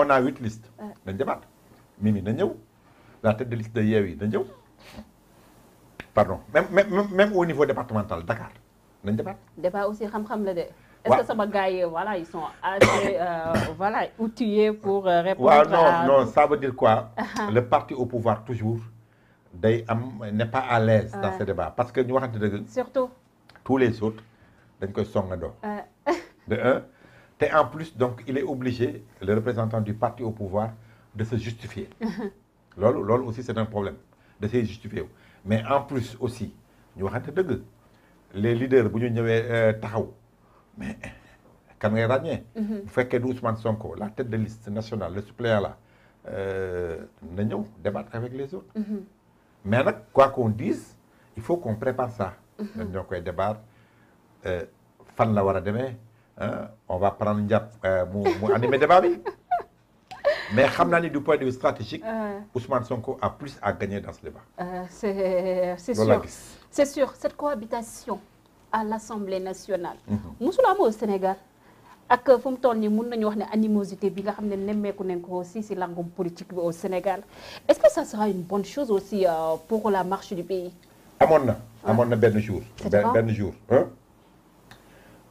on a huit listes. dañ demaat Mimi na ñëw la tête de liste de Yewwi na ñëw pardon même même même au niveau départemental Dakar nañ demaat. débat aussi xam-xam la de. est-ce que sama gars yi voilà ils sont assez euh, voilà outillés pour. Euh, répondre waaw non ça veut dire quoi. Ah. le parti au pouvoir toujours day am n'est pas à l'aise dans ce débat parce que ñu waxante dëgg. surtout tous les autres dañ koy songandoo. de un. te en plus donc il est obligé le représentant du parti au pouvoir de se justifier loolu loolu aussi c'est un problème da say justifier wu mais en plus aussi ñu waxante dëgg les leaders bu ñu ñëwee euh, taxaw mais kan ngay ràññee mhm. bu fekkee du Ousmane Sonko la tête de liste nationale le suppléant la euh, na ñëw débattre avec les autres mhm. mais nag quoi qu'on dise il faut qu'on prépare ça dañ mhm. ñoo koy débattre euh, fan la war a demee Euh, on va prendre Ndiap euh, mu mu animer débat mais xam naa ni du point de vue stratégique. Ousmane Sonko a plus à gagner dans ce débat. Euh, c'est c'est sûr c'est sûr cette cohabitation à l'Assemblée nationale. musul mhm. am au Sénégal. ak fu mu toll nii mën nañu wax ne animosité bi nga xam ne nemmeeku nañ ko aussi si langum politique bi au Sénégal est-ce que ça sera une bonne chose aussi pour la marché du pays. amoon na amoon na benn jour. benn jour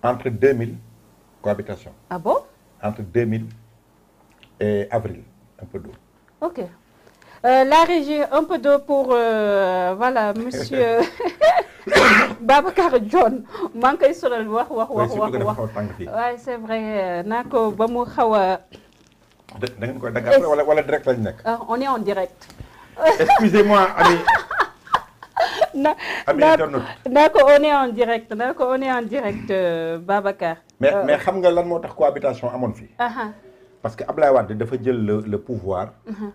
entre 2000. cohabitation. ah bon entre 2000 et avril un peu d'eau. ok euh, la régie un peu d'eau pour euh, voilà monsieur Babacar John maa ngi koy solal wax wax wax wax wax waaye c'est vrai naa ko ba mu xaw a. da ngeen koy dagg wala wala direct lañ nekk. Ah, on est en direct. excusez-moi Ami. na ah, naa ko on est en direct naa ko on est en direct euh, Babacar. mais euh, mais xam nga lan moo tax cohabitation amoon fii. Ah, ah. parce que Ablaye Wade dafa jël le le pouvoir. Uh-huh.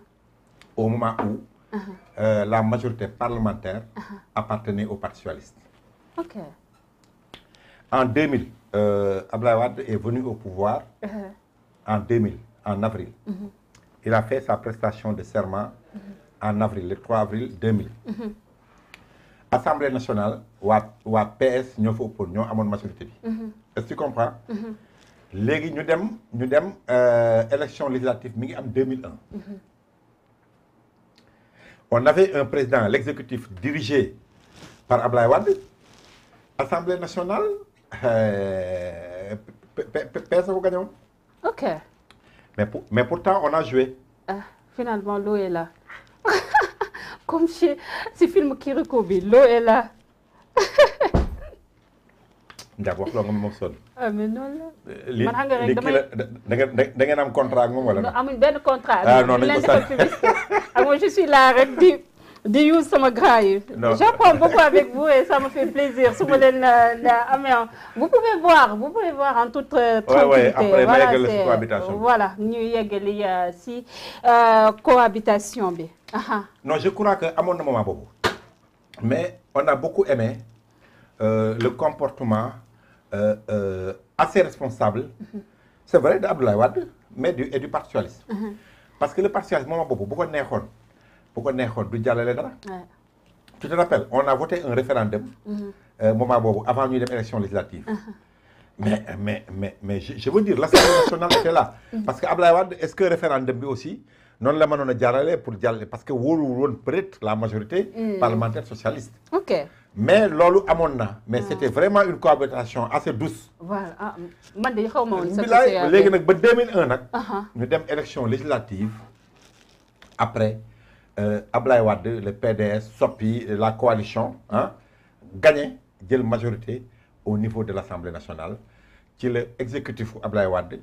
au moment où. Uh-huh. Euh, la majorité parlementaire. Uh-huh. appartenait au parti socialiste. ok en 2000. Ablaye Wade est venu au pouvoir. en 2000 en avril. il a fait sa prestation de serment. en avril le 3 avril 2000. assemblée nationale waa waa PS ñoo fa ëppoon ñoo amoon majorité bi. Mhm. est-ce que tu comprends. Mhm. léegi ñu dem ñu dem euh, élection législative mi ngi am 2001. Mhm. on avait un président l'exécutif dirigé par Ablaye Wade assemblée nationale euh, PS a ko gagné woon. ok. mais pour mais pourtant on a joué. ah finalement looy la. comme chez ce film Kiriko bi l'eau est là. ndax wax loo nga moom sonn. ah mais noonu la. Euh, man engrais rek damay da ngeen da ngeen am contrat ak moom wala. amuñ benn contrat. ah non ak ah, moom je suis là rek di use sama gars yi. j'apprends beaucoup avec vous et ça me fait plaisir su ma euh, vous pouvez voir en toute euh, tranquillité voilà ñu yeggali euh, si cohabitation bi. Ah, ah. non je crois que amoon na moment boobu mais on a beaucoup aimé le comportement euh, euh, assez responsable. Mm-hmm. c'est vrai de Abdoulaye Wade mais du et mm-hmm. parce que le parti socialiste moment boobu bu ko bu ko neexoon du jàllale dara. tu te rappelles on a voté un référendum. Mm-hmm. Euh, moment boobu avant ñuy dem élection législative. Mm-hmm. mais mais mais mais je veux dire l'Assemblée nationale était là. Mm-hmm. parce que Ablaye Wade est-ce que référendum bi aussi noonu la mënoon a jaarale pou jàllale parce que wóoluwul woon peut-être la majorité. Mm. parlementaire socialiste. ok mais loolu amoon na. mais ah. c'était vraiment une cohabitation assez douce. voilà ah man de xaw ma woon. bilaay léegi nag ba 2001 nag. Uh-huh. ñu dem élection législative après. Euh, Ablaye Wade le PDS Sopi euh, la coalition ah gagné jël majorité au niveau de l'Assemblée nationale ci la exécutif Ablaye Wade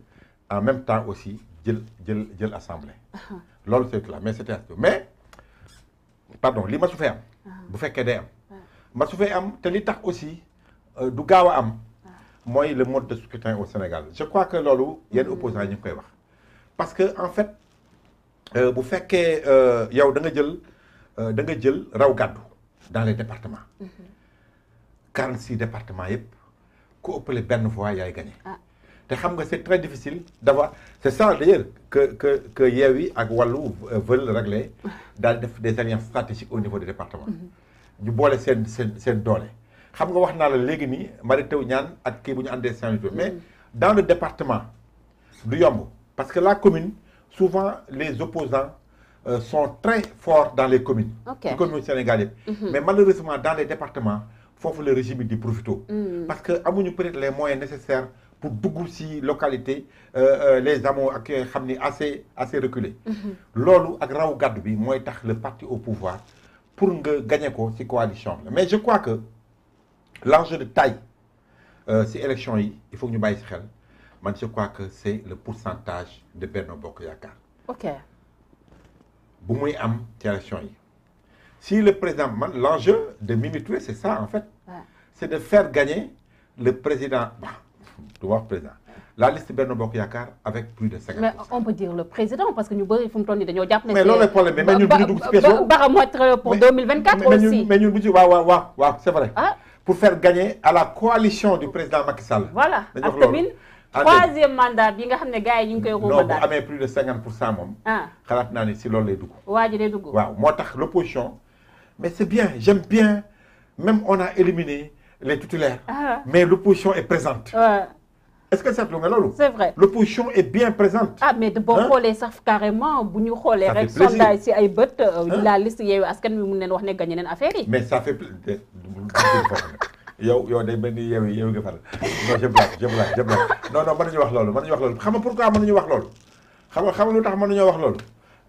en même temps aussi jël jël jël assemblée. Uh-huh. loolu c'est clair mais c'était mais pardon li ma su fee am. Uh-huh. bu fekkee day am. Uh-huh. ma su fee am te li tax aussi euh, du gaaw a am. mooy le mode de scrutin au Sénégal je crois que loolu yenn opposants yi ñu koy wax parce que en fait. Euh, bu fekkee euh, yow danga jël euh, da nga jël raw gàddu dans les départements. Mm-hmm. si départements yëpp ku ëppale benn voix yaay gagné. Ah. te xam nga c'est très difficile d'avoir c'est ça d'ailleurs que que que Yewwi ak Wallu veulent régler daal def des alliances stratégiques au niveau des départements. Mm-hmm. ñu boole seen seen seen doole. xam nga wax naa la léegi nii Mary Teuw Niane ak kii bu ñu àndee Saint-Louis mais mm-hmm. dans le département du yomb parce que la commune. souvent les opposants euh, sont très forts dans les communes. Okay. Les communes sénégalaises. Mm -hmm. Mais malheureusement, dans les départements, il faut que le régime du profito. Mm -hmm. Parce que nous peut-être les moyens nécessaires pour beaucoup de localités, euh, euh, les amours assez, assez reculés. Lolo mm -hmm. et le parti au pouvoir pour ko ces coalitions. Mais je crois que l'enjeu de taille, euh, ces élections, yi il faut que nous baissions. man je crois que c'est le pourcentage de Benno Bokk Yaakaar. ok bu muy am ci yi si le président man l'enjeu de Mimi Touré c'est ça en fait. Ouais. c'est de faire gagner le président la liste Benno Bokk Yaakaar avec plus de 50 mais on peut dire le président parce que ñu bëri fu mu toll nii mais loolu la problème mais ñun pour faire gagner à la coalition du président Macky Sall. voilà ak tamit troisième mandat bi nga xam ne gars yi ñu ngi koy ruumandaat non bu amee plus de 50 pour cent moom. xalaat naa ne si loolu lay dugg. waa ji lay dugg waaw moo tax l' opposition. mais c' est bien j'aime bien même on a éliminé les titulaires. mais l' opposition est présente. est-ce que seetlu nga loolu. c'est vrai l'opposition est bien présente. ah mais boo xoolee sax carrément bu ñu xoolee rek. sondage si ay bët. la liste Yewwi Askan Wi mun nañu wax ne gagné nañu affaire yi. yow yow day mel ni yow yow nga faral non je blague je blague je blague non non wax loolu mënuñu wax loolu xam nga pourquoi ñu wax loolu xam nga xam nga lu tax mënuñoo wax loolu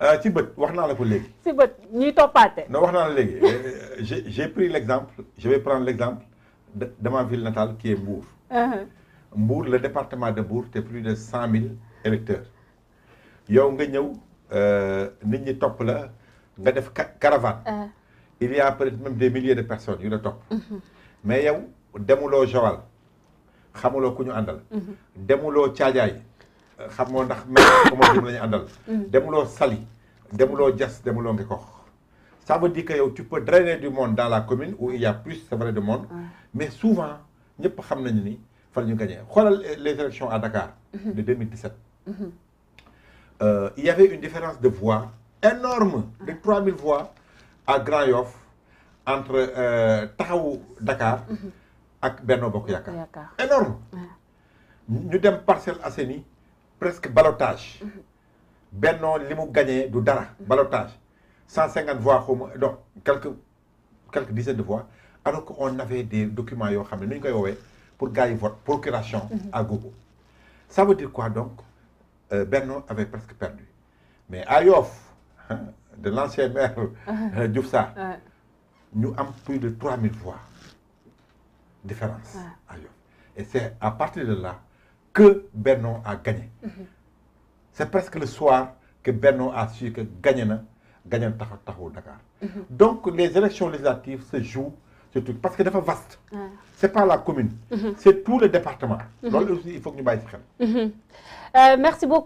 euh, ci bët wax naa la ko léegi. ci bët ñuy toppaate. non wax naa la léegi euh, j'ai j'ai pris l'exemple je vais prendre l'exemple de de ma ville natale qui est Mbour. Uh-huh. Mbour le département de Mbour te plus de cent mille électeurs yow nga ñëw euh, nit ñi topp la nga def caravane. Uh-huh. il y a peut-être même des milliers de personnes mais yow demuloo Joal xamuloo ku ñu àndal. Mhm. demuloo caajaay xamoo ndax même comme moom la ñu àndal. Mhm. demuloo Saly demuloo Diass demuloo Ngekox. ça veut dire que yow drainer du monde dans la commune où il y a plus de monde. mais souvent ñëpp xam nañu ni fan ñu gagné xoolal les élections à Dakar. Mhm. de 2017. Euh, il y avait une différence de voix énorme de 3000 voix à Grand-Yoff. entre euh, taxawu Dakar. Mhm. ak Benno Bokk Yaakaar. énorme ñu dem Parcelles Assainies presque ballottage. Mhm. Benno li mu gañee du dara. Mhm. balotage cent cinquante voix xaw ma donc quelques quelques de voix alors que on avait de documents yoo xam ne nu ñu koy woowee pour gars yi vote procuration. à gogo ça dire quoi donc euh, Benno avait presque perdu mais à Yoff de l'ancien maire euh, Diouf Sarr. ñu am plus de 3000 voix différence à Yoff et c'est à partir de là que Benno a gagné mhm. c'est presque le soir que Benno a su que gagné na gagné na taxaw taxawu Dakar mhm. donc les élections législatives se jouent surtout parce que dafa vaste c'est pas la commune mhm. c'est tout le département loolu aussi il faut que ñu bàyyi ci xel euh,